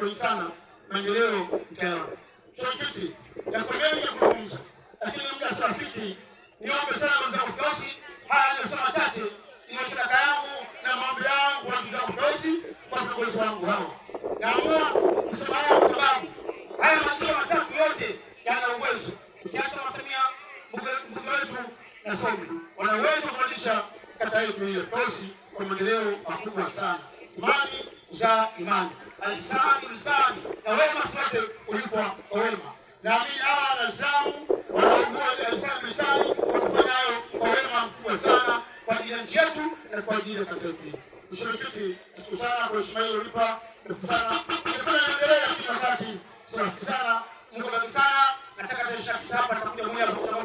kuhi sana maendeleo Mtwara. Mwenyekiti, yako kuzungumza, lakini muda safiki. Niombe sana wenzangu viongozi, haya ndio sana chache ina sadaka yangu na maombi yangu wenzangu viongozi, kwa viongozi wangu hao. Naamua kusema haya kwa sababu haya majira matatu yote yana uwezo, ukiacha masamia mbunge wetu na Sombi wana uwezo wa kubadilisha kata yetu ile kosi kwa maendeleo makubwa sana. Imani za imani na hisani na wema sote kulipwa kwa wema. Naamini hawa wanazamu wanaogua lisani lisani wakufanyayo kwa wema mkubwa sana kwa ajili yetu na kwa ajili ya mataifa. Mshirikiti, nashukuru sana kwa heshima hiyo ulipa, nashukuru sana endelea kila wakati, safi sana, Mungu bariki sana. Nataka tarehe ishirini na tisa hapa nitakuja mwenyewe kabla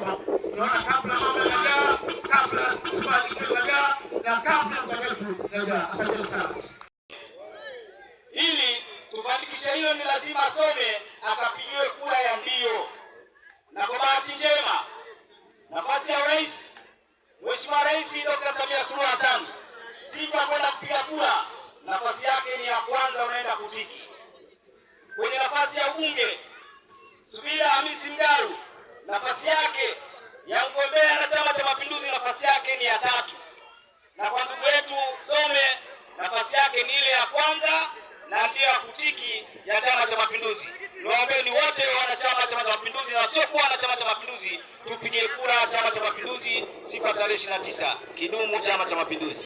mama hajaa, kabla sifaa ikiwa hajaa na kabla mtakatifu hajaa. Asante sana. Kufanikisha hilo ni lazima asome akapigiwe kura ya ndio, na kwa bahati njema nafasi ya rais, Mheshimiwa Rais Dr. Samia Suluhu Hassan sifa kwenda kupiga kura, nafasi yake ni ya kwanza, unaenda kutiki kwenye nafasi ya ubunge. Subira Hamisi Mgaru nafasi yake ya mgombea na Chama cha Mapinduzi, nafasi yake ni ya tatu, na kwa ndugu yetu Some nafasi yake ni ile ya kwanza na pia kutiki ya Chama cha Mapinduzi. Niwaombeni wote wana Chama cha Mapinduzi na wasiokuwa na Chama cha Mapinduzi, tupige kura Chama cha Mapinduzi siku ya tarehe 29. Kidumu Chama cha Mapinduzi!